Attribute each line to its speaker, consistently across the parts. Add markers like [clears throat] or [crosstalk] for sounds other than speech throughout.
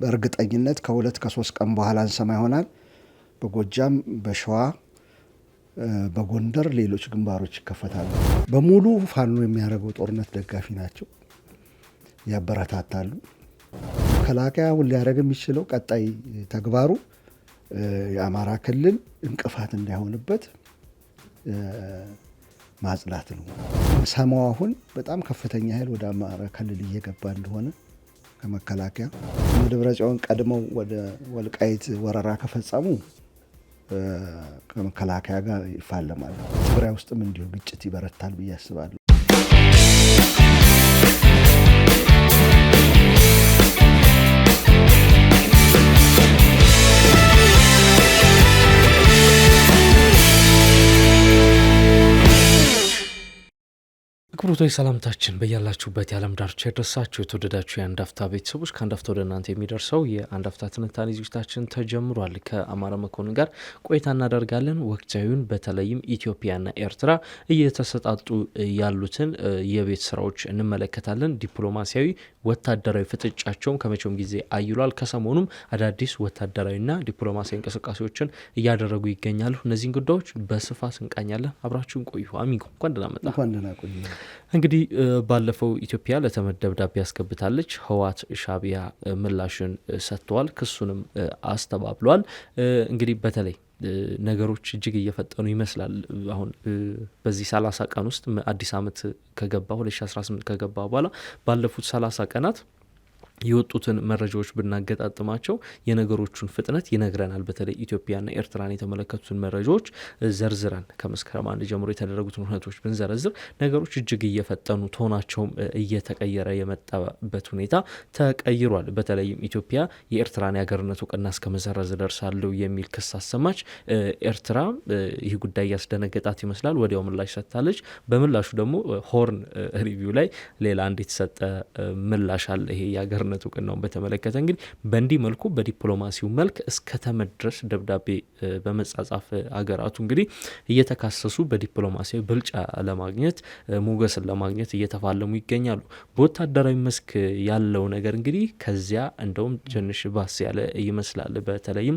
Speaker 1: በእርግጠኝነት ከሁለት ከሶስት ቀን በኋላ እንሰማ ይሆናል። በጎጃም፣ በሸዋ፣ በጎንደር ሌሎች ግንባሮች ይከፈታሉ። በሙሉ ፋኖ የሚያደርገው ጦርነት ደጋፊ ናቸው፣ ያበረታታሉ። መከላከያ ሁሉ ሊያደርግ የሚችለው ቀጣይ ተግባሩ የአማራ ክልል እንቅፋት እንዳይሆንበት ማጽላት ነው። ሰማው አሁን በጣም ከፍተኛ ኃይል ወደ አማራ ክልል እየገባ እንደሆነ ከመከላከያ ደብረ ቀድመው ወደ ወልቃይት ወረራ ከፈጸሙ ከመከላከያ ጋር ይፋለማል። ትግራይ ውስጥም እንዲሁ ግጭት ይበረታል ብዬ አስባለሁ።
Speaker 2: አክብሮታዊ ሰላምታችን በያላችሁበት የዓለም ዳርቻ የደረሳችሁ የተወደዳችሁ የአንድ አፍታ ቤተሰቦች ከአንድ አፍታ ወደ እናንተ የሚደርሰው የአንድ አፍታ ትንታኔ ዝግጅታችን ተጀምሯል። ከአማራ መኮንን ጋር ቆይታ እናደርጋለን። ወቅታዊውን በተለይም ኢትዮጵያና ኤርትራ እየተሰጣጡ ያሉትን የቤት ስራዎች እንመለከታለን። ዲፕሎማሲያዊ፣ ወታደራዊ ፍጥጫቸውን ከመቼውም ጊዜ አይሏል። ከሰሞኑም አዳዲስ ወታደራዊና ዲፕሎማሲያዊ እንቅስቃሴዎችን እያደረጉ ይገኛሉ። እነዚህን ጉዳዮች በስፋት እንቃኛለን። አብራችሁን ቆዩ። አሚጎ
Speaker 1: እንኳን ደህና መጣ። እንግዲህ ባለፈው ኢትዮጵያ ለተመድ ደብዳቤ ያስገብታለች።
Speaker 2: ህወሓት ሻቢያ ምላሽን ሰጥተዋል፣ ክሱንም አስተባብሏል። እንግዲህ በተለይ ነገሮች እጅግ እየፈጠኑ ይመስላል። አሁን በዚህ 30 ቀን ውስጥ አዲስ ዓመት ከገባ 2018 ከገባ በኋላ ባለፉት 30 ቀናት የወጡትን መረጃዎች ብናገጣጥማቸው የነገሮቹን ፍጥነት ይነግረናል። በተለይ ኢትዮጵያና ኤርትራን የተመለከቱትን መረጃዎች ዘርዝረን ከመስከረም አንድ ጀምሮ የተደረጉትን ሁነቶች ብንዘረዝር ነገሮች እጅግ እየፈጠኑ ቶናቸውም እየተቀየረ የመጣበት ሁኔታ ተቀይሯል። በተለይም ኢትዮጵያ የኤርትራን የሀገርነት እውቅና እስከ መሰረዝ ደርሳለሁ የሚል ክስ አሰማች። ኤርትራ ይህ ጉዳይ ያስደነገጣት ይመስላል። ወዲያው ምላሽ ሰጥታለች። በምላሹ ደግሞ ሆርን ሪቪው ላይ ሌላ አንድ የተሰጠ ምላሽ አለ። ይሄ የአገርነት እውቅናውን በተመለከተ እንግዲህ በእንዲህ መልኩ በዲፕሎማሲው መልክ እስከ ድረስ ደብዳቤ በመጻጻፍ አገራቱ እንግዲህ እየተካሰሱ በዲፕሎማሲያዊ ብልጫ ለማግኘት ሞገስን ለማግኘት እየተፋለሙ ይገኛሉ። በወታደራዊ መስክ ያለው ነገር እንግዲህ ከዚያ እንደውም ትንሽ ባስ ያለ ይመስላል። በተለይም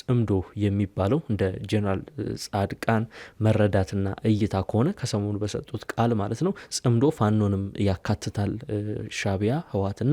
Speaker 2: ጽምዶ የሚባለው እንደ ጀነራል ጻድቃን መረዳትና እይታ ከሆነ ከሰሞኑ በሰጡት ቃል ማለት ነው ጽምዶ ፋኖንም ያካትታል። ሻቢያ ህዋትና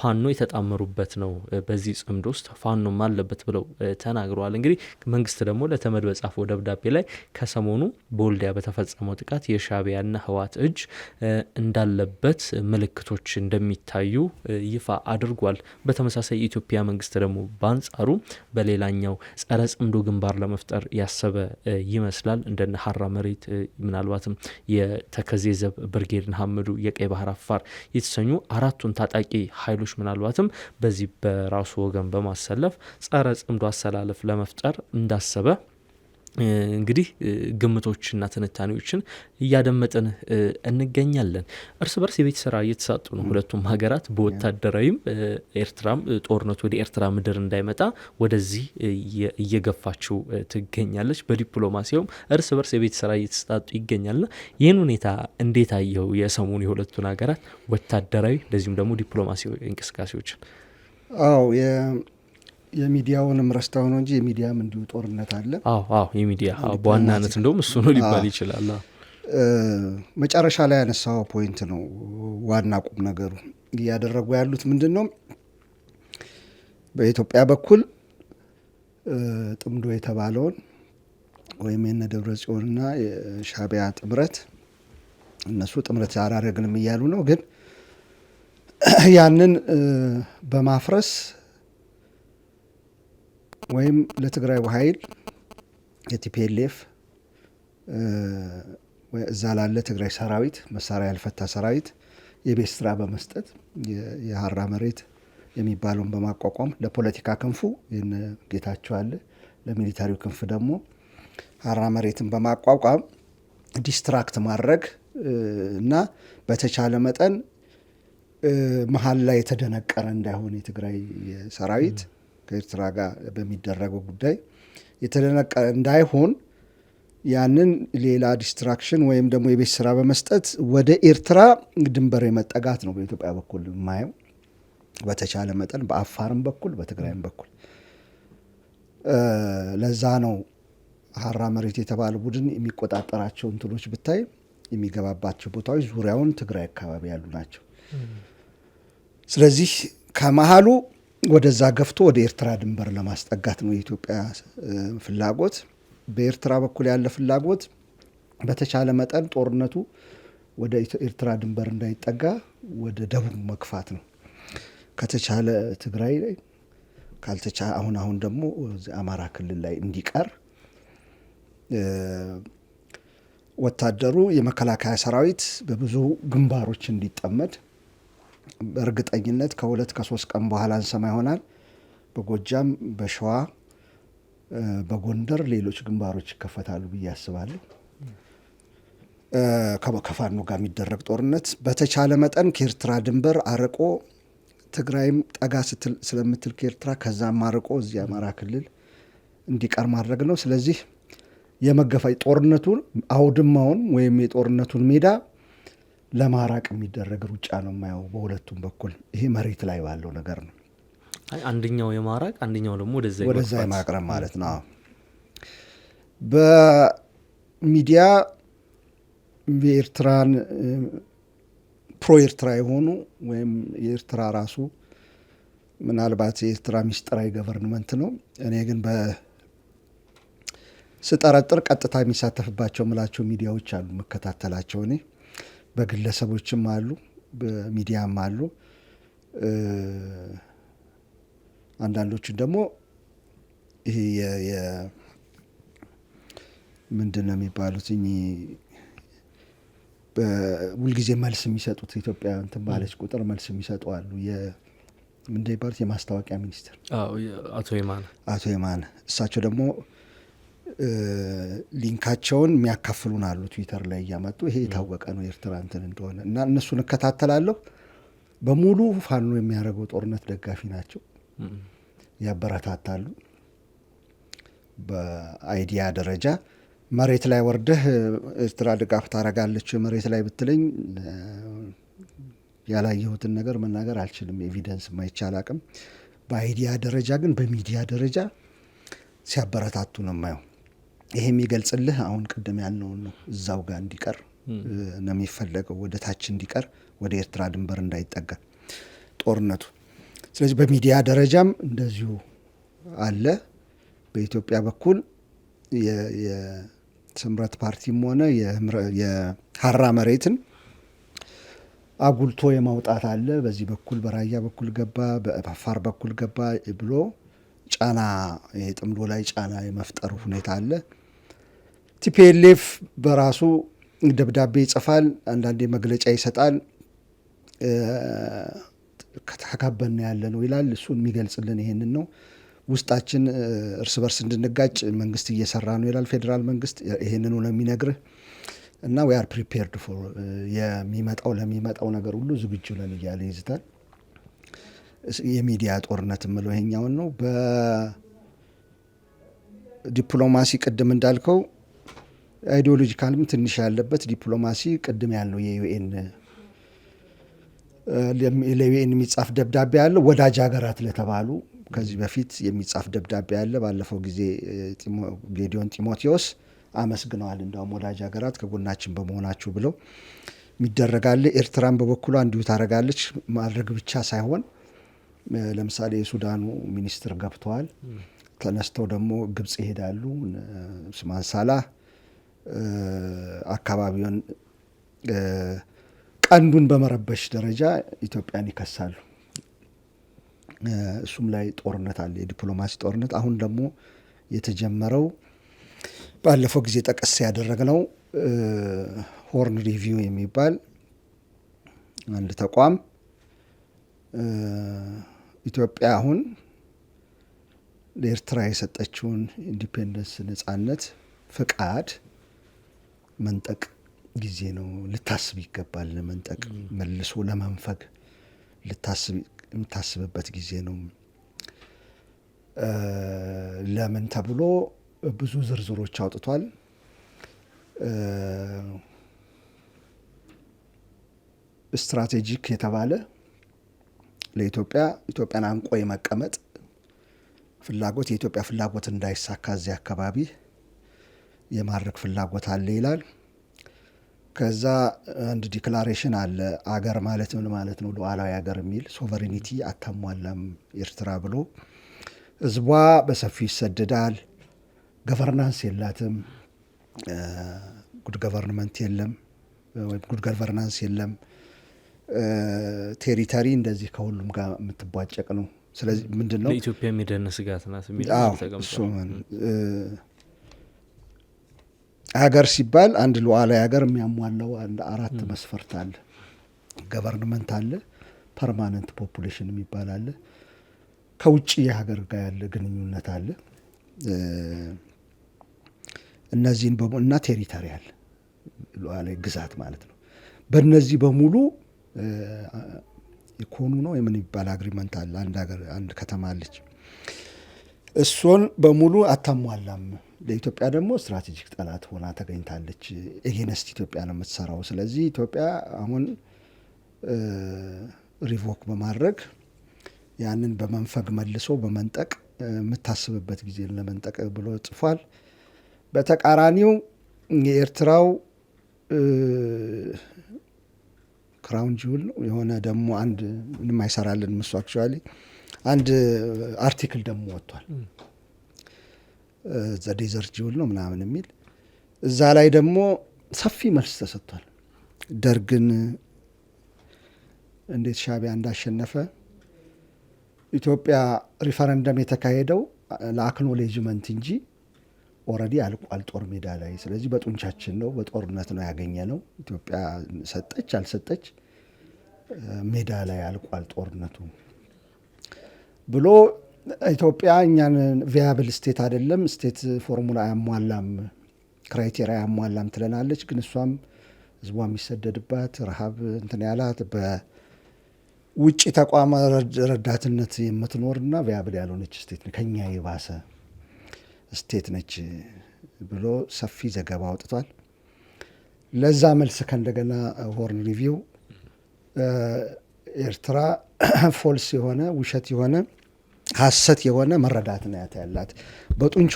Speaker 2: ፋኖ የተጣመሩበት ነው። በዚህ ጽምድ ውስጥ ፋኖም አለበት ብለው ተናግረዋል። እንግዲህ መንግስት ደግሞ ለተመድ በጻፈው ደብዳቤ ላይ ከሰሞኑ በወልዲያ በተፈጸመው ጥቃት ና ህዋት እጅ እንዳለበት ምልክቶች እንደሚታዩ ይፋ አድርጓል። በተመሳሳይ የኢትዮጵያ መንግስት ደግሞ በአንጻሩ በሌላኛው ጸረ ጽምዶ ግንባር ለመፍጠር ያሰበ ይመስላል። እንደነ ሀራ መሬት ምናልባትም የተከዜዘብ ዘብ ብርጌድን የቀይ ባህር አፋር የተሰኙ አራቱን ታጣቂ ኃይሎች ፓርቲዎች ምናልባትም በዚህ በራሱ ወገን በማሰለፍ ጸረ ጽምዶ አሰላለፍ ለመፍጠር እንዳሰበ እንግዲህ ግምቶችና ትንታኔዎችን እያደመጥን እንገኛለን። እርስ በርስ የቤት ስራ እየተሳጡ ነው ሁለቱም ሀገራት። በወታደራዊም ኤርትራም ጦርነቱ ወደ ኤርትራ ምድር እንዳይመጣ ወደዚህ እየገፋችው ትገኛለች። በዲፕሎማሲውም እርስ በርስ የቤት ስራ እየተሳጡ ይገኛል። ና ይህን ሁኔታ እንዴት አየው? የሰሞኑ የሁለቱን ሀገራት ወታደራዊ እንደዚሁም ደግሞ ዲፕሎማሲያዊ እንቅስቃሴዎችን
Speaker 1: አዎ የሚዲያውንም ረስታው ነው እንጂ የሚዲያም እንዲሁ ጦርነት አለ።
Speaker 2: አዎ የሚዲያ በዋናነት እንደውም እሱ ነው ሊባል ይችላል።
Speaker 1: መጨረሻ ላይ ያነሳው ፖይንት ነው ዋና ቁም ነገሩ። እያደረጉ ያሉት ምንድን ነው? በኢትዮጵያ በኩል ጥምዶ የተባለውን ወይም የነ ደብረ ጽዮንና የሻቢያ ጥምረት እነሱ ጥምረት አላደረግንም እያሉ ነው። ግን ያንን በማፍረስ ወይም ለትግራይ ኃይል የቲፒኤልኤፍ እዛ ላለ ትግራይ ሰራዊት መሳሪያ ያልፈታ ሰራዊት የቤት ስራ በመስጠት የሀራ መሬት የሚባለውን በማቋቋም ለፖለቲካ ክንፉ ይህን ጌታቸው አለ፣ ለሚሊታሪው ክንፍ ደግሞ ሀራ መሬትን በማቋቋም ዲስትራክት ማድረግ እና በተቻለ መጠን መሀል ላይ የተደነቀረ እንዳይሆን የትግራይ ሰራዊት ከኤርትራ ጋር በሚደረገው ጉዳይ የተደነቀ እንዳይሆን ያንን ሌላ ዲስትራክሽን ወይም ደግሞ የቤት ስራ በመስጠት ወደ ኤርትራ ድንበር የመጠጋት ነው በኢትዮጵያ በኩል የማየው በተቻለ መጠን በአፋርም በኩል በትግራይም በኩል ለዛ ነው ሀራ መሬት የተባለ ቡድን የሚቆጣጠራቸው እንትኖች ብታይ የሚገባባቸው ቦታዎች ዙሪያውን ትግራይ አካባቢ ያሉ ናቸው። ስለዚህ ከመሀሉ ወደዛ ገፍቶ ወደ ኤርትራ ድንበር ለማስጠጋት ነው የኢትዮጵያ ፍላጎት። በኤርትራ በኩል ያለ ፍላጎት በተቻለ መጠን ጦርነቱ ወደ ኤርትራ ድንበር እንዳይጠጋ ወደ ደቡብ መግፋት ነው። ከተቻለ ትግራይ ላይ ካልተቻ አሁን አሁን ደግሞ አማራ ክልል ላይ እንዲቀር ወታደሩ የመከላከያ ሰራዊት በብዙ ግንባሮች እንዲጠመድ በእርግጠኝነት ከሁለት ከሶስት ቀን በኋላ እንሰማ ይሆናል። በጎጃም፣ በሸዋ፣ በጎንደር ሌሎች ግንባሮች ይከፈታሉ ብዬ አስባለሁ። ከፋኖ ጋር የሚደረግ ጦርነት በተቻለ መጠን ከኤርትራ ድንበር አርቆ ትግራይም ጠጋ ስለምትል ከኤርትራ ከዛም አርቆ እዚህ አማራ ክልል እንዲቀር ማድረግ ነው። ስለዚህ የመገፋ ጦርነቱን አውድማውን ወይም የጦርነቱን ሜዳ ለማራቅ የሚደረግ ሩጫ ነው የማየው በሁለቱም በኩል። ይሄ መሬት ላይ ባለው ነገር ነው።
Speaker 2: አንደኛው የማራቅ አንደኛው ደግሞ
Speaker 1: ወደዛ የማቅረብ ማለት ነው። በሚዲያ የኤርትራን ፕሮ ኤርትራ የሆኑ ወይም የኤርትራ ራሱ ምናልባት የኤርትራ ሚስጥራዊ ገቨርንመንት ነው። እኔ ግን በስጠረጥር ቀጥታ የሚሳተፍባቸው ምላቸው ሚዲያዎች አሉ መከታተላቸው እኔ በግለሰቦችም አሉ፣ በሚዲያም አሉ። አንዳንዶቹን ደግሞ ይሄ ምንድን ነው የሚባሉት ሁልጊዜ መልስ የሚሰጡት ኢትዮጵያ እንትን ባለች ቁጥር መልስ የሚሰጡ አሉ። ምንድን ነው የሚባሉት የማስታወቂያ ሚኒስትር አቶ የማነ አቶ የማነ እሳቸው ደግሞ ሊንካቸውን የሚያካፍሉን አሉ ትዊተር ላይ እያመጡ ይሄ የታወቀ ነው የኤርትራ እንትን እንደሆነ እና እነሱን እከታተላለሁ። በሙሉ ፋኖ የሚያደርገው ጦርነት ደጋፊ ናቸው፣ ያበረታታሉ። በአይዲያ ደረጃ መሬት ላይ ወርደህ ኤርትራ ድጋፍ ታረጋለች መሬት ላይ ብትለኝ ያላየሁትን ነገር መናገር አልችልም። ኤቪደንስ ማይቻል አቅም በአይዲያ ደረጃ ግን በሚዲያ ደረጃ ሲያበረታቱ ነው የማየው። ይሄ የሚገልጽልህ አሁን ቅድም ያልነውን ነው። እዛው ጋር እንዲቀር ነው የሚፈለገው፣ ወደ ታች እንዲቀር፣ ወደ ኤርትራ ድንበር እንዳይጠጋ ጦርነቱ። ስለዚህ በሚዲያ ደረጃም እንደዚሁ አለ። በኢትዮጵያ በኩል የስምረት ፓርቲም ሆነ የሀራ መሬትን አጉልቶ የማውጣት አለ። በዚህ በኩል በራያ በኩል ገባ፣ በአፋር በኩል ገባ ብሎ ጫና ጥምዶ ላይ ጫና የመፍጠር ሁኔታ አለ። ቲፒኤልኤፍ በራሱ ደብዳቤ ይጽፋል፣ አንዳንዴ መግለጫ ይሰጣል። ከተካበና ያለ ነው ይላል። እሱን የሚገልጽልን ይሄንን ነው። ውስጣችን እርስ በርስ እንድንጋጭ መንግስት እየሰራ ነው ይላል። ፌዴራል መንግስት ይሄንኑ ነው የሚነግርህ እና ዊ አር ፕሪፔርድ ፎር የሚመጣው ለሚመጣው ነገር ሁሉ ዝግጁ ነን እያለ ይዝታል። የሚዲያ ጦርነት የምለው ይሄኛውን ነው። በዲፕሎማሲ ቅድም እንዳልከው አይዲዮሎጂካልም ትንሽ ያለበት ዲፕሎማሲ ቅድም ያለው የዩኤን ለዩኤን የሚጻፍ ደብዳቤ አለ። ወዳጅ ሀገራት ለተባሉ ከዚህ በፊት የሚጻፍ ደብዳቤ አለ። ባለፈው ጊዜ ጌዲዮን ጢሞቴዎስ አመስግነዋል። እንዳውም ወዳጅ ሀገራት ከጎናችን በመሆናችሁ ብለው የሚደረጋለ። ኤርትራን በበኩሏ እንዲሁ ታደርጋለች። ማድረግ ብቻ ሳይሆን ለምሳሌ የሱዳኑ ሚኒስትር ገብተዋል። ተነስተው ደግሞ ግብጽ ይሄዳሉ ስማን አካባቢውን ቀንዱን በመረበሽ ደረጃ ኢትዮጵያን ይከሳሉ። እሱም ላይ ጦርነት አለ፣ የዲፕሎማሲ ጦርነት። አሁን ደግሞ የተጀመረው ባለፈው ጊዜ ጠቀስ ያደረግ ነው ሆርን ሪቪው የሚባል አንድ ተቋም ኢትዮጵያ አሁን ለኤርትራ የሰጠችውን ኢንዲፔንደንስ ነጻነት ፍቃድ መንጠቅ ጊዜ ነው። ልታስብ ይገባል። ለመንጠቅ መልሶ ለመንፈግ የምታስብበት ጊዜ ነው። ለምን ተብሎ ብዙ ዝርዝሮች አውጥቷል። ስትራቴጂክ የተባለ ለኢትዮጵያ ኢትዮጵያን አንቆ የመቀመጥ ፍላጎት የኢትዮጵያ ፍላጎት እንዳይሳካ እዚህ አካባቢ የማድረግ ፍላጎት አለ ይላል። ከዛ አንድ ዲክላሬሽን አለ አገር ማለት ምን ማለት ነው? ሉዓላዊ ሀገር የሚል ሶቨሬኒቲ አታሟላም ኤርትራ ብሎ ህዝቧ በሰፊው ይሰደዳል። ገቨርናንስ የላትም፣ ጉድ ገቨርንመንት የለም ወይም ጉድ ገቨርናንስ የለም። ቴሪተሪ እንደዚህ ከሁሉም ጋር የምትቧጨቅ ነው።
Speaker 2: ስለዚህ ምንድን ነው ለኢትዮጵያ የሚደነ ስጋት ናት።
Speaker 1: ሀገር ሲባል አንድ ሉዓላዊ ሀገር የሚያሟላው አንድ አራት መስፈርት አለ። ገቨርንመንት አለ፣ ፐርማነንት ፖፑሌሽን የሚባል አለ፣ ከውጭ የሀገር ጋር ያለ ግንኙነት አለ። እነዚህን በሙሉ እና ቴሪተሪ አለ፣ ሉዓላዊ ግዛት ማለት ነው። በእነዚህ በሙሉ ኢኮኑ ነው የምን ይባል አግሪመንት አለ። አንድ ሀገር አንድ ከተማ አለች እሱን በሙሉ አታሟላም። ለኢትዮጵያ ደግሞ ስትራቴጂክ ጠላት ሆና ተገኝታለች። ኤጌነስት ኢትዮጵያ ነው የምትሰራው። ስለዚህ ኢትዮጵያ አሁን ሪቮክ በማድረግ ያንን በመንፈግ መልሶ በመንጠቅ የምታስብበት ጊዜ ለመንጠቅ ብሎ ጽፏል። በተቃራኒው የኤርትራው ክራውን ጁል የሆነ ደግሞ አንድ ምንም አይሰራልን ምሱ አክቹዋሊ አንድ አርቲክል ደግሞ ወጥቷል ዘ ዴዘርት ጅውል ነው ምናምን የሚል እዛ ላይ ደግሞ ሰፊ መልስ ተሰጥቷል። ደርግን እንዴት ሻቢያ እንዳሸነፈ ኢትዮጵያ ሪፈረንደም የተካሄደው ለአክኖሌጅመንት እንጂ ኦልሬዲ አልቋል ጦር ሜዳ ላይ። ስለዚህ በጡንቻችን ነው በጦርነት ነው ያገኘ ነው። ኢትዮጵያ ሰጠች አልሰጠች ሜዳ ላይ አልቋል ጦርነቱ ብሎ ኢትዮጵያ እኛን ቪያብል ስቴት አይደለም ስቴት ፎርሙላ አያሟላም ክራይቴሪያ አያሟላም ትለናለች። ግን እሷም ህዝቧ የሚሰደድባት ረሃብ እንትን ያላት በውጭ ተቋም ረዳትነት የምትኖርና ቪያብል ያልሆነች ስቴት ከኛ የባሰ ስቴት ነች ብሎ ሰፊ ዘገባ አውጥቷል። ለዛ መልስ ከእንደገና ሆርን ሪቪው ኤርትራ [clears throat] ፎልስ የሆነ ውሸት የሆነ ሀሰት የሆነ መረዳት ናያት ያላት በጡንቿ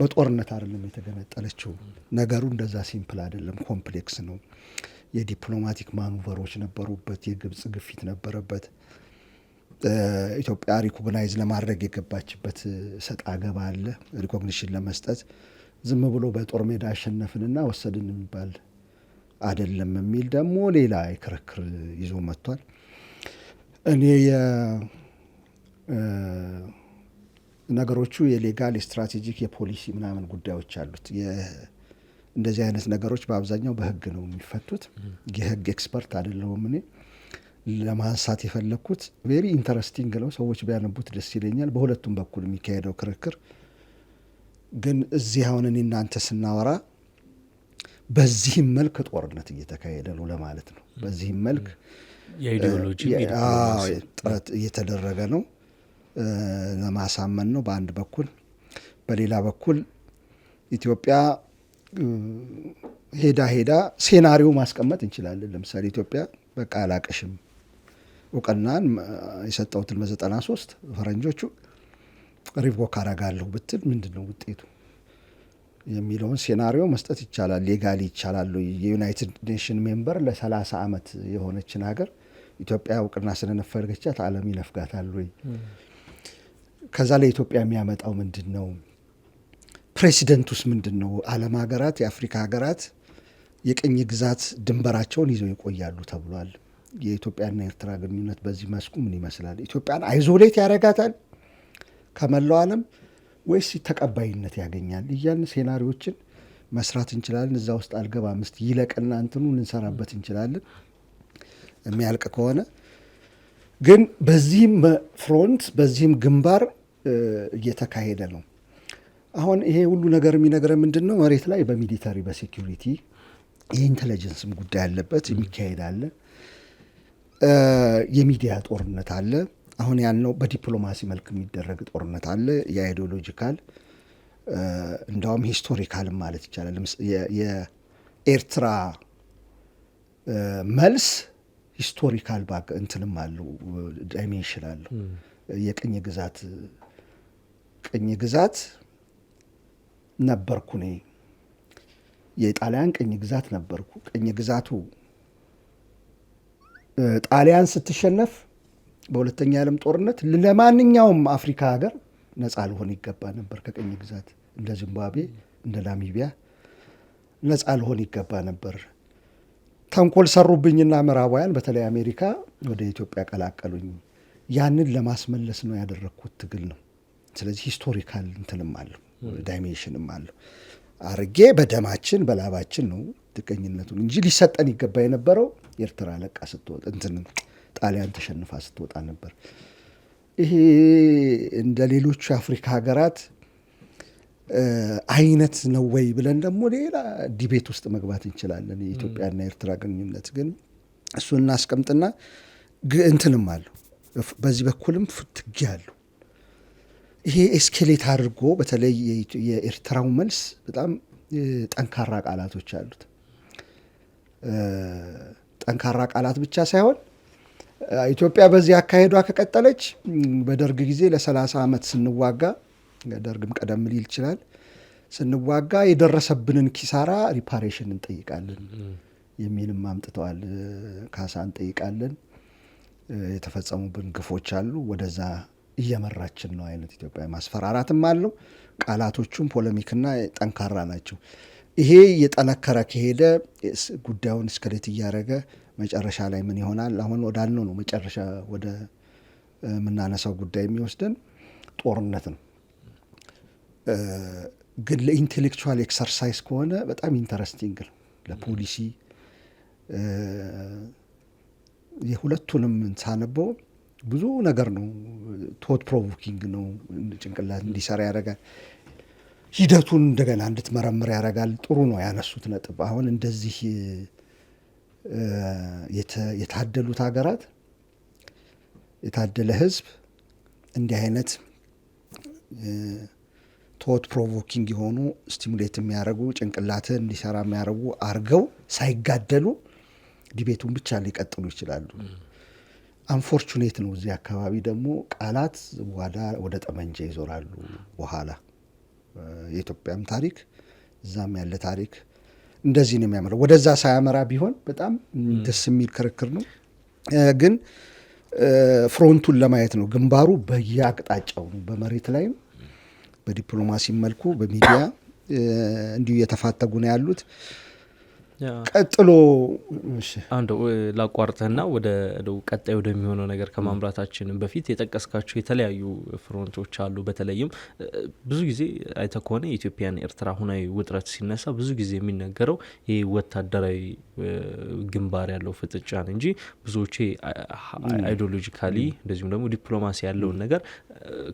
Speaker 1: በጦርነት አይደለም የተገነጠለችው። ነገሩ እንደዛ ሲምፕል አይደለም፣ ኮምፕሌክስ ነው። የዲፕሎማቲክ ማኑቨሮች ነበሩበት፣ የግብፅ ግፊት ነበረበት። ኢትዮጵያ ሪኮግናይዝ ለማድረግ የገባችበት ሰጥ አገባ አለ። ሪኮግኒሽን ለመስጠት ዝም ብሎ በጦር ሜዳ አሸነፍንና ወሰድን የሚባል አይደለም የሚል ደግሞ ሌላ ክርክር ይዞ መጥቷል። እኔ ነገሮቹ የሌጋል የስትራቴጂክ የፖሊሲ ምናምን ጉዳዮች አሉት። እንደዚህ አይነት ነገሮች በአብዛኛው በህግ ነው የሚፈቱት። የህግ ኤክስፐርት አይደለሁም እኔ። ለማንሳት የፈለግኩት ቬሪ ኢንተረስቲንግ ነው፣ ሰዎች ቢያነቡት ደስ ይለኛል። በሁለቱም በኩል የሚካሄደው ክርክር ግን እዚህ አሁን እኔ እናንተ ስናወራ በዚህም መልክ ጦርነት እየተካሄደ ነው ለማለት ነው። በዚህም መልክ ጥረት እየተደረገ ነው። ለማሳመን ነው በአንድ በኩል። በሌላ በኩል ኢትዮጵያ ሄዳ ሄዳ ሴናሪዮ ማስቀመጥ እንችላለን። ለምሳሌ ኢትዮጵያ በቃ አላቀሽም እውቅናን የሰጠሁትን በዘጠና ሶስት ፈረንጆቹ ሪቮክ አረጋለሁ ብትል ምንድን ነው ውጤቱ የሚለውን ሴናሪዮ መስጠት ይቻላል። ሌጋሊ ይቻላሉ። የዩናይትድ ኔሽን ሜምበር ለሰላሳ ዓመት የሆነችን ሀገር ኢትዮጵያ እውቅና ስለነፈገቻት ዓለም ይነፍጋታሉ። ከዛ ለኢትዮጵያ የሚያመጣው ምንድን ነው? ፕሬሲደንቱስ ምንድን ነው? ዓለም ሀገራት የአፍሪካ ሀገራት የቅኝ ግዛት ድንበራቸውን ይዘው ይቆያሉ ተብሏል። የኢትዮጵያና የኤርትራ ግንኙነት በዚህ መስኩ ምን ይመስላል? ኢትዮጵያን አይዞሌት ያደርጋታል ከመላው ዓለም ወይስ ተቀባይነት ያገኛል? እያን ሴናሪዎችን መስራት እንችላለን። እዛ ውስጥ አልገባ ምስት ይለቅና እንትኑ እንሰራበት እንችላለን የሚያልቅ ከሆነ ግን በዚህም ፍሮንት በዚህም ግንባር እየተካሄደ ነው። አሁን ይሄ ሁሉ ነገር የሚነግረ ምንድን ነው? መሬት ላይ በሚሊተሪ በሴኪሪቲ የኢንቴሊጀንስም ጉዳይ አለበት የሚካሄድ አለ። የሚዲያ ጦርነት አለ። አሁን ያልነው በዲፕሎማሲ መልክ የሚደረግ ጦርነት አለ። የአይዲዮሎጂካል እንደውም ሂስቶሪካልም ማለት ይቻላል። የኤርትራ መልስ ሂስቶሪካል ባክ እንትንም አለው ዳይሜንሽን አለው የቅኝ ግዛት ቅኝ ግዛት ነበርኩ እኔ የጣሊያን ቅኝ ግዛት ነበርኩ። ቅኝ ግዛቱ ጣሊያን ስትሸነፍ በሁለተኛ የዓለም ጦርነት ለማንኛውም አፍሪካ ሀገር ነፃ ልሆን ይገባ ነበር ከቅኝ ግዛት እንደ ዚምባብዌ እንደ ናሚቢያ ነፃ ልሆን ይገባ ነበር። ተንኮል ሰሩብኝና ምዕራባውያን በተለይ አሜሪካ ወደ ኢትዮጵያ ቀላቀሉኝ። ያንን ለማስመለስ ነው ያደረግኩት ትግል ነው። ስለዚህ ሂስቶሪካል እንትንም አለው ዳይሜንሽንም አለው አርጌ በደማችን በላባችን ነው ጥገኝነቱን እንጂ ሊሰጠን ይገባ የነበረው ኤርትራ ለቃ ስትወጣ እንትን ጣሊያን ተሸንፋ ስትወጣ ነበር። ይሄ እንደ ሌሎቹ የአፍሪካ ሀገራት አይነት ነው ወይ ብለን ደግሞ ሌላ ዲቤት ውስጥ መግባት እንችላለን። የኢትዮጵያና የኤርትራ ግንኙነት ግን እሱን እናስቀምጥና እንትንም አለሁ በዚህ በኩልም ፍትጌ አለው ይሄ ኤስኬሌት አድርጎ በተለይ የኤርትራው መልስ በጣም ጠንካራ ቃላቶች አሉት። ጠንካራ ቃላት ብቻ ሳይሆን ኢትዮጵያ በዚህ አካሄዷ ከቀጠለች በደርግ ጊዜ ለ30 ዓመት ስንዋጋ ደርግም ቀደም ሊል ይችላል ስንዋጋ የደረሰብንን ኪሳራ ሪፓሬሽን እንጠይቃለን የሚልም አምጥተዋል። ካሳ እንጠይቃለን፣ የተፈጸሙብን ግፎች አሉ፣ ወደዛ እየመራችን ነው አይነት ኢትዮጵያ ማስፈራራትም አለው። ቃላቶቹም ፖለሚክና ጠንካራ ናቸው። ይሄ እየጠነከረ ከሄደ ጉዳዩን እስከሌት እያደረገ መጨረሻ ላይ ምን ይሆናል? አሁን ወዳልነው ነው መጨረሻ ወደ የምናነሳው ጉዳይ የሚወስደን ጦርነት ነው። ግን ለኢንቴሌክቹዋል ኤክሰርሳይዝ ከሆነ በጣም ኢንተረስቲንግ ነው። ለፖሊሲ የሁለቱንም ሳነበው ብዙ ነገር ነው ቶት ፕሮቮኪንግ ነው። ጭንቅላት እንዲሰራ ያደርጋል። ሂደቱን እንደገና እንድትመረምር ያደርጋል። ጥሩ ነው ያነሱት ነጥብ። አሁን እንደዚህ የታደሉት ሀገራት የታደለ ህዝብ እንዲህ አይነት ቶት ፕሮቮኪንግ የሆኑ ስቲሙሌት የሚያደርጉ ጭንቅላትን እንዲሰራ የሚያደርጉ አርገው ሳይጋደሉ ዲቤቱን ብቻ ሊቀጥሉ ይችላሉ። አንፎርቹኔት ነው። እዚህ አካባቢ ደግሞ ቃላት ወደ ጠመንጃ ይዞራሉ በኋላ የኢትዮጵያም ታሪክ እዛም ያለ ታሪክ እንደዚህ ነው የሚያመራው። ወደዛ ሳያመራ ቢሆን በጣም ደስ የሚል ክርክር ነው። ግን ፍሮንቱን ለማየት ነው። ግንባሩ በየአቅጣጫው ነው። በመሬት ላይም በዲፕሎማሲ መልኩ በሚዲያ እንዲሁ እየተፋተጉ ነው ያሉት።
Speaker 2: ቀጥሎ አንዱ ላቋርጥህና ወደ ቀጣይ ወደሚሆነው ነገር ከማምራታችን በፊት የጠቀስካቸው የተለያዩ ፍሮንቶች አሉ። በተለይም ብዙ ጊዜ አይተ ከሆነ የኢትዮጵያን ኤርትራ ሁናዊ ውጥረት ሲነሳ ብዙ ጊዜ የሚነገረው ይህ ወታደራዊ ግንባር ያለው ፍጥጫን እንጂ ብዙዎች አይዲዮሎጂካሊ እንደዚሁም ደግሞ ዲፕሎማሲ ያለውን ነገር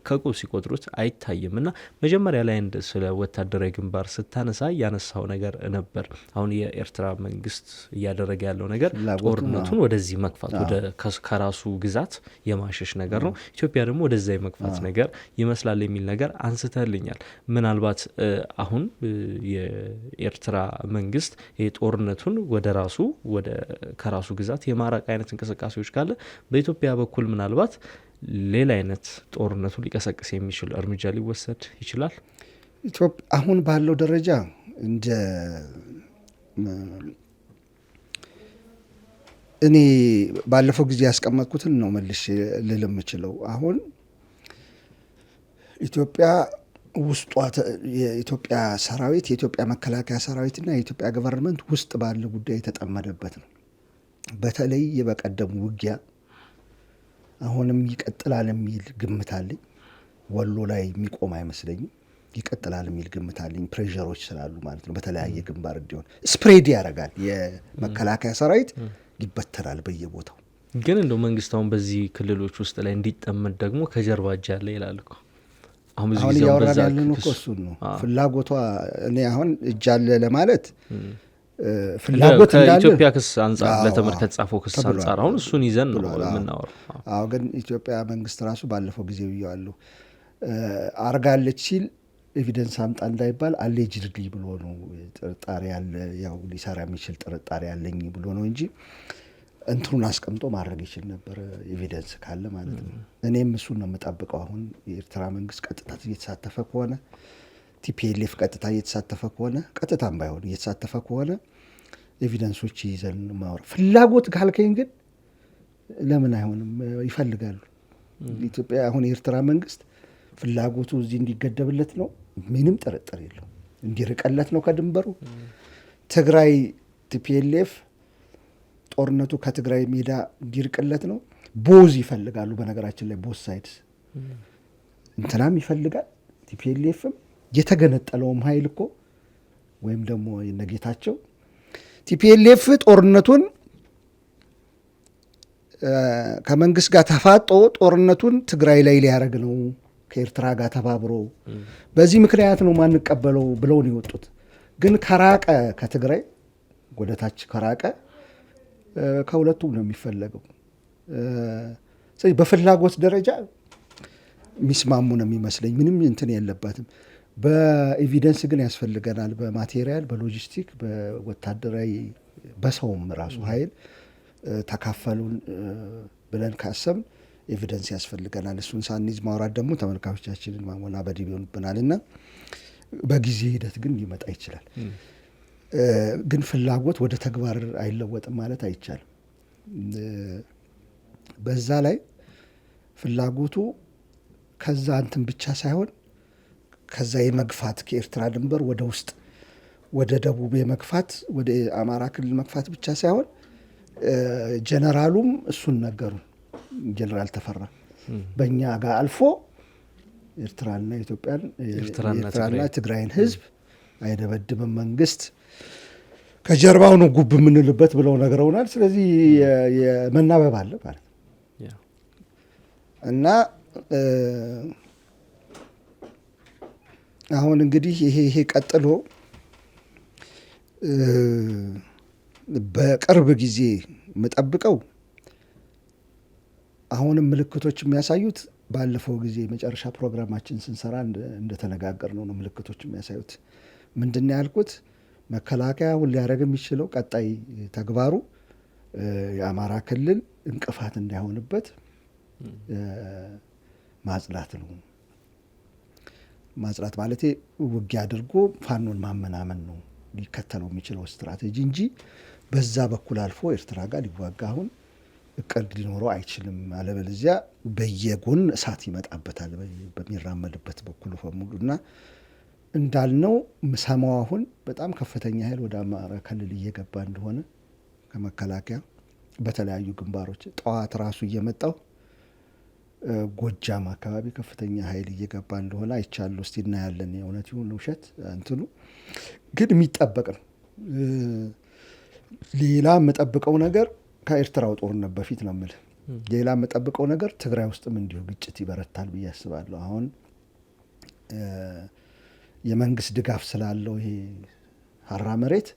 Speaker 2: ከቆ ሲቆጥሩት አይታይም እና መጀመሪያ ላይ ስለ ወታደራዊ ግንባር ስታነሳ ያነሳው ነገር ነበር አሁን የኤርትራ መንግስት እያደረገ ያለው ነገር ጦርነቱን ወደዚህ መግፋት ወደ ከራሱ ግዛት የማሸሽ ነገር ነው። ኢትዮጵያ ደግሞ ወደዛ የመግፋት ነገር ይመስላል የሚል ነገር አንስተልኛል። ምናልባት አሁን የኤርትራ መንግስት ጦርነቱን ወደ ራሱ ወደ ከራሱ ግዛት የማራቅ አይነት እንቅስቃሴዎች ካለ በኢትዮጵያ በኩል ምናልባት ሌላ አይነት ጦርነቱን ሊቀሰቅስ የሚችል እርምጃ ሊወሰድ ይችላል።
Speaker 1: አሁን ባለው ደረጃ እንደ እኔ ባለፈው ጊዜ ያስቀመጥኩትን ነው መልሽ ልል የምችለው። አሁን ኢትዮጵያ ውስጧ የኢትዮጵያ ሰራዊት የኢትዮጵያ መከላከያ ሰራዊትና የኢትዮጵያ ገቨርንመንት ውስጥ ባለ ጉዳይ የተጠመደበት ነው። በተለይ የበቀደሙ ውጊያ አሁንም ይቀጥላል የሚል ግምት አለኝ። ወሎ ላይ የሚቆም አይመስለኝም። ይቀጥላል የሚል ግምት አለኝ። ፕሬዠሮች ስላሉ ማለት ነው። በተለያየ ግንባር እንዲሆን ስፕሬድ ያደርጋል። የመከላከያ ሰራዊት ይበተናል በየቦታው።
Speaker 2: ግን እንደው መንግስት አሁን በዚህ ክልሎች ውስጥ ላይ እንዲጠመድ ደግሞ ከጀርባ እጅ አለ ይላል እኮ
Speaker 1: አሁን እያወራን ያለን እኮ እሱን ነው። ፍላጎቷ እኔ አሁን እጅ አለ ለማለት
Speaker 2: ፍላጎት ከኢትዮጵያ ክስ አንጻር ለተምር ከተጻፈው ክስ አንጻር አሁን እሱን ይዘን ነው የምናወራው።
Speaker 1: ግን ኢትዮጵያ መንግስት ራሱ ባለፈው ጊዜ ብያዋለሁ አርጋለች ሲል ኤቪደንስ አምጣ እንዳይባል አሌጅድሊ ብሎ ነው ጥርጣሬ ያለ ያው ሊሰራ የሚችል ጥርጣሬ ያለኝ ብሎ ነው እንጂ እንትኑን አስቀምጦ ማድረግ ይችል ነበረ፣ ኤቪደንስ ካለ ማለት ነው። እኔም እሱን ነው የምጠብቀው። አሁን የኤርትራ መንግስት ቀጥታ እየተሳተፈ ከሆነ ቲፒኤልኤፍ ቀጥታ እየተሳተፈ ከሆነ ቀጥታም ባይሆን እየተሳተፈ ከሆነ ኤቪደንሶች ይዘን ማውራ ፍላጎት ካልከኝ ግን ለምን አይሆንም? ይፈልጋሉ። ኢትዮጵያ አሁን የኤርትራ መንግስት ፍላጎቱ እዚህ እንዲገደብለት ነው። ምንም ጥርጥር የለው እንዲርቀለት ነው ከድንበሩ። ትግራይ ቲፒኤልኤፍ ጦርነቱ ከትግራይ ሜዳ እንዲርቅለት ነው። ቦዝ ይፈልጋሉ። በነገራችን ላይ ቦዝ ሳይድስ እንትናም ይፈልጋል ቲፒኤልኤፍም የተገነጠለውም ኃይል እኮ ወይም ደግሞ ነጌታቸው ቲፒኤልኤፍ ጦርነቱን ከመንግስት ጋር ተፋጦ ጦርነቱን ትግራይ ላይ ሊያደርግ ነው ከኤርትራ ጋር ተባብሮ በዚህ ምክንያት ነው ማንቀበለው ብለው ነው የወጡት። ግን ከራቀ ከትግራይ ወደታች ከራቀ ከሁለቱም ነው የሚፈለገው። ስለዚህ በፍላጎት ደረጃ የሚስማሙ ነው የሚመስለኝ። ምንም እንትን የለበትም። በኤቪደንስ ግን ያስፈልገናል። በማቴሪያል፣ በሎጂስቲክ፣ በወታደራዊ በሰውም ራሱ ኃይል ተካፈሉን ብለን ካሰብን ኤቪደንስ ያስፈልገናል። እሱን ሳንይዝ ማውራት ደግሞ ተመልካቾቻችንን ማወናበድ ይሆንብናል እና በጊዜ ሂደት ግን ሊመጣ ይችላል። ግን ፍላጎት ወደ ተግባር አይለወጥም ማለት አይቻልም። በዛ ላይ ፍላጎቱ ከዛ እንትን ብቻ ሳይሆን ከዛ የመግፋት ከኤርትራ ድንበር ወደ ውስጥ ወደ ደቡብ የመግፋት ወደ አማራ ክልል መግፋት ብቻ ሳይሆን ጀነራሉም እሱን ነገሩን ጀነራል ተፈራ በእኛ ጋር አልፎ ኤርትራና ኢትዮጵያን ኤርትራና ትግራይን ህዝብ አይደበድብም መንግስት ከጀርባው ነው ጉብ የምንልበት ብለው ነግረውናል። ስለዚህ መናበብ አለ ማለት ነው እና አሁን እንግዲህ ይሄ ይሄ ቀጥሎ በቅርብ ጊዜ የምጠብቀው አሁንም ምልክቶች የሚያሳዩት ባለፈው ጊዜ መጨረሻ ፕሮግራማችን ስንሰራ እንደተነጋገር ነው ነው ምልክቶች የሚያሳዩት ምንድን ያልኩት መከላከያ ሁን ሊያደርግ የሚችለው ቀጣይ ተግባሩ የአማራ ክልል እንቅፋት እንዳይሆንበት ማጽዳት ነው። ማጽዳት ማለት ውጊያ አድርጎ ፋኖን ማመናመን ነው ሊከተለው የሚችለው ስትራቴጂ እንጂ በዛ በኩል አልፎ ኤርትራ ጋር ሊዋጋ አሁን እቅድ ሊኖረው አይችልም። አለበለዚያ በየጎን እሳት ይመጣበታል በሚራመድበት በኩል በሙሉ እና እንዳልነው ምሰማው አሁን በጣም ከፍተኛ ኃይል ወደ አማራ ክልል እየገባ እንደሆነ ከመከላከያ በተለያዩ ግንባሮች ጠዋት ራሱ እየመጣው ጎጃም አካባቢ ከፍተኛ ኃይል እየገባ እንደሆነ አይቻሉ። እስቲ እናያለን የእውነት ይሁን ውሸት እንትኑ ግን የሚጠበቅ ነው። ሌላ የምጠብቀው ነገር ከኤርትራው ጦርነት በፊት ነው ምል ሌላ የምጠብቀው ነገር ትግራይ ውስጥም እንዲሁ ግጭት ይበረታል ብዬ አስባለሁ። አሁን የመንግስት ድጋፍ ስላለው ይሄ ሀራ መሬት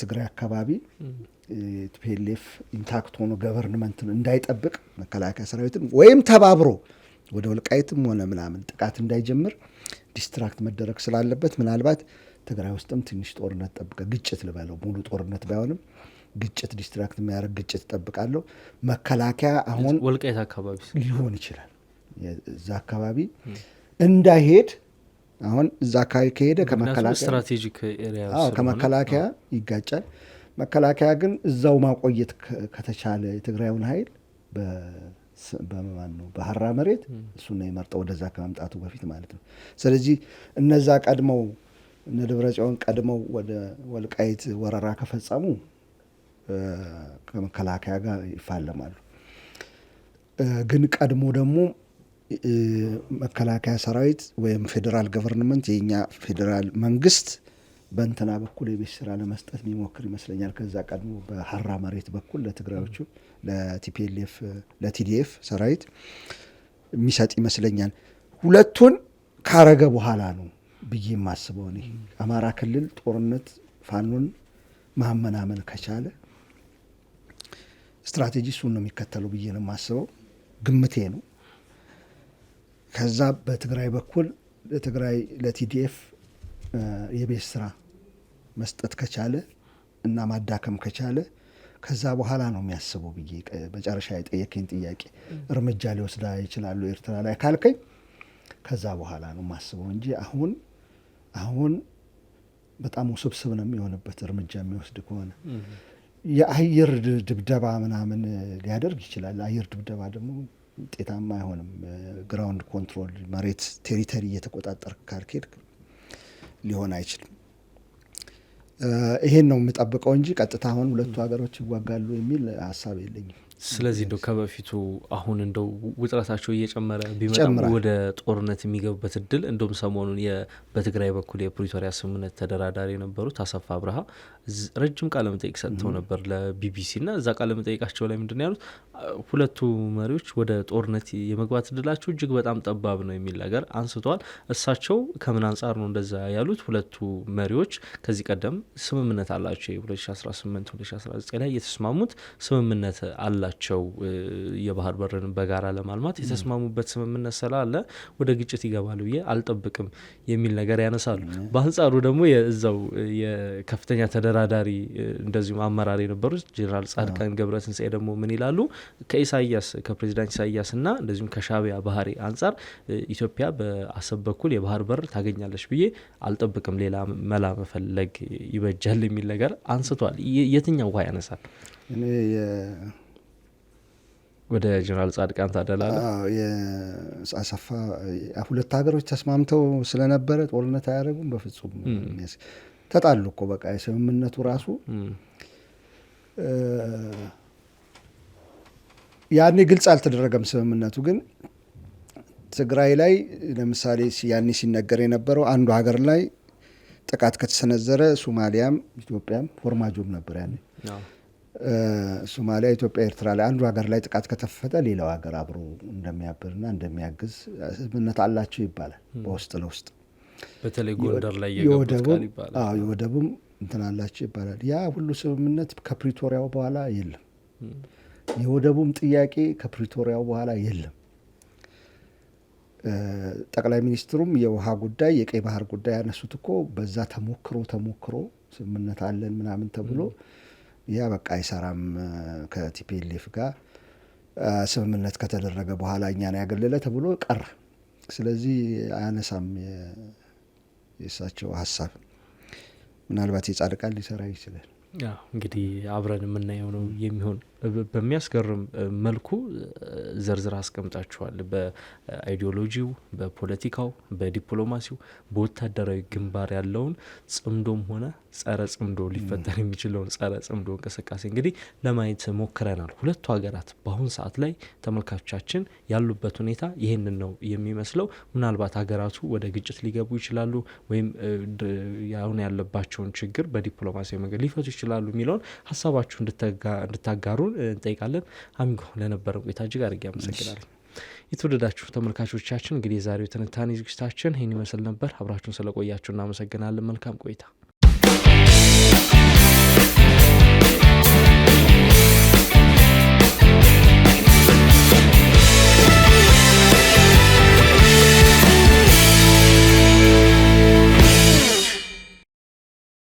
Speaker 1: ትግራይ አካባቢ ፔሌፍ ኢንታክት ሆኖ ገቨርንመንትን እንዳይጠብቅ መከላከያ ሰራዊትን ወይም ተባብሮ ወደ ወልቃይትም ሆነ ምናምን ጥቃት እንዳይጀምር ዲስትራክት መደረግ ስላለበት ምናልባት ትግራይ ውስጥም ትንሽ ጦርነት ጠብቀ ግጭት ልበለው ሙሉ ጦርነት ባይሆንም ግጭት ዲስትራክት የሚያደርግ ግጭት እጠብቃለሁ። መከላከያ አሁን
Speaker 2: ወልቃይት አካባቢ
Speaker 1: ሊሆን ይችላል። እዛ አካባቢ እንዳይሄድ አሁን እዛ አካባቢ ከሄደ ከመከላከያ ይጋጫል። መከላከያ ግን እዛው ማቆየት ከተቻለ የትግራዩን ኃይል በማን ነው በሀራ መሬት እሱን ነው የመርጠው ወደዛ ከመምጣቱ በፊት ማለት ነው። ስለዚህ እነዛ ቀድመው እነ ደብረ ጽዮን ቀድመው ወደ ወልቃይት ወረራ ከፈጸሙ ከመከላከያ ጋር ይፋለማሉ። ግን ቀድሞ ደግሞ መከላከያ ሰራዊት ወይም ፌዴራል ገቨርንመንት የኛ ፌዴራል መንግስት በእንትና በኩል የቤት ስራ ለመስጠት የሚሞክር ይመስለኛል። ከዛ ቀድሞ በሀራ መሬት በኩል ለትግራዮቹ ለቲፒኤልኤፍ ለቲዲኤፍ ሰራዊት የሚሰጥ ይመስለኛል። ሁለቱን ካረገ በኋላ ነው ብዬ የማስበው እኔ አማራ ክልል ጦርነት ፋኖን ማመናመን ከቻለ ስትራቴጂ እሱን ነው የሚከተለው ብዬ ነው የማስበው፣ ግምቴ ነው። ከዛ በትግራይ በኩል ለትግራይ ለቲዲኤፍ የቤት ስራ መስጠት ከቻለ እና ማዳከም ከቻለ ከዛ በኋላ ነው የሚያስበው ብዬ መጨረሻ የጠየከኝ ጥያቄ እርምጃ ሊወስዳ ይችላሉ ኤርትራ ላይ ካልከኝ ከዛ በኋላ ነው የማስበው እንጂ አሁን አሁን በጣም ውስብስብ ነው የሚሆንበት እርምጃ የሚወስድ ከሆነ የአየር ድብደባ ምናምን ሊያደርግ ይችላል። አየር ድብደባ ደግሞ ውጤታማ አይሆንም። ግራውንድ ኮንትሮል መሬት ቴሪተሪ እየተቆጣጠር ካልኬድ ሊሆን አይችልም። ይሄን ነው የምጠብቀው እንጂ ቀጥታ አሁን ሁለቱ ሀገሮች ይዋጋሉ የሚል ሀሳብ የለኝም።
Speaker 2: ስለዚህ እንደው ከበፊቱ አሁን እንደው ውጥረታቸው እየጨመረ ቢመጣ ወደ ጦርነት የሚገቡበት እድል እንደም ሰሞኑን በትግራይ በኩል የፕሪቶሪያ ስምምነት ተደራዳሪ የነበሩት አሰፋ አብርሃ ረጅም ቃለ መጠይቅ ሰጥተው ነበር ለቢቢሲ እና እዛ ቃለ መጠይቃቸው ላይ ምንድን ያሉት ሁለቱ መሪዎች ወደ ጦርነት የመግባት እድላቸው እጅግ በጣም ጠባብ ነው የሚል ነገር አንስተዋል። እሳቸው ከምን አንጻር ነው እንደዛ ያሉት? ሁለቱ መሪዎች ከዚህ ቀደም ስምምነት አላቸው። የ2018 2019 ላይ የተስማሙት ስምምነት አላ ያላቸው የባህር በርን በጋራ ለማልማት የተስማሙበት ስምምነት ስላለ ወደ ግጭት ይገባል ብዬ አልጠብቅም የሚል ነገር ያነሳሉ። በአንጻሩ ደግሞ የዛው የከፍተኛ ተደራዳሪ እንደዚሁም አመራር የነበሩት ጄኔራል ጻድቃን ገብረትንሳኤ ደግሞ ምን ይላሉ? ከኢሳያስ ከፕሬዚዳንት ኢሳያስ እንደዚሁም ከሻቢያ ባህሪ አንጻር ኢትዮጵያ በአሰብ በኩል የባህር በር ታገኛለች ብዬ አልጠብቅም፣ ሌላ መላ መፈለግ ይበጃል የሚል ነገር አንስቷል። የትኛው ውሃ ያነሳል? ወደ ጀነራል ጻድቃን ታደላለ
Speaker 1: አሰፋ ሁለት ሀገሮች ተስማምተው ስለነበረ ጦርነት አያደረጉም። በፍጹም ተጣሉ እኮ በቃ የስምምነቱ ራሱ ያኔ ግልጽ አልተደረገም። ስምምነቱ ግን ትግራይ ላይ ለምሳሌ ያኔ ሲነገር የነበረው አንዱ ሀገር ላይ ጥቃት ከተሰነዘረ ሶማሊያም ኢትዮጵያም ፎርማጆም ነበር ያኔ ሶማሊያ፣ ኢትዮጵያ፣ ኤርትራ ላይ አንዱ ሀገር ላይ ጥቃት ከተፈተ ሌላው ሀገር አብሮ እንደሚያብርና እንደሚያግዝ ስምምነት አላቸው ይባላል። በውስጥ ለውስጥ
Speaker 2: በተለይ ጎንደር ላይ
Speaker 1: የወደቡም እንትን አላቸው ይባላል። ያ ሁሉ ስምምነት ከፕሪቶሪያው በኋላ የለም። የወደቡም ጥያቄ ከፕሪቶሪያው በኋላ የለም። ጠቅላይ ሚኒስትሩም የውሃ ጉዳይ የቀይ ባህር ጉዳይ ያነሱት እኮ በዛ ተሞክሮ ተሞክሮ ስምምነት አለን ምናምን ተብሎ ያ በቃ አይሰራም ከቲፒኤልኤፍ ጋር ስምምነት ከተደረገ በኋላ እኛን ያገለለ ተብሎ ቀረ። ስለዚህ አያነሳም የእሳቸው ሀሳብ ምናልባት የጻድቃን ሊሰራ ይችላል።
Speaker 2: እንግዲህ አብረን የምናየው ነው የሚሆን። በሚያስገርም መልኩ ዝርዝር አስቀምጣችኋል። በአይዲዮሎጂው፣ በፖለቲካው፣ በዲፕሎማሲው፣ በወታደራዊ ግንባር ያለውን ጽምዶም ሆነ ጸረ ጽምዶ ሊፈጠር የሚችለውን ጸረ ጽምዶ እንቅስቃሴ እንግዲህ ለማየት ሞክረናል። ሁለቱ ሀገራት በአሁን ሰዓት ላይ ተመልካቾቻችን ያሉበት ሁኔታ ይህንን ነው የሚመስለው። ምናልባት ሀገራቱ ወደ ግጭት ሊገቡ ይችላሉ ወይም አሁን ያለባቸውን ችግር በዲፕሎማሲያዊ መንገድ ሊፈቱ ይችላሉ የሚለውን ሀሳባችሁ እንድታጋሩን እንጠይቃለን። አሚጎ ለነበረን ቆይታ እጅግ አድርጌ አመሰግናለሁ። የተወደዳችሁ ተመልካቾቻችን እንግዲህ የዛሬው ትንታኔ ዝግጅታችን ይህን ይመስል ነበር። አብራችሁን ስለቆያችሁ እናመሰግናለን። መልካም ቆይታ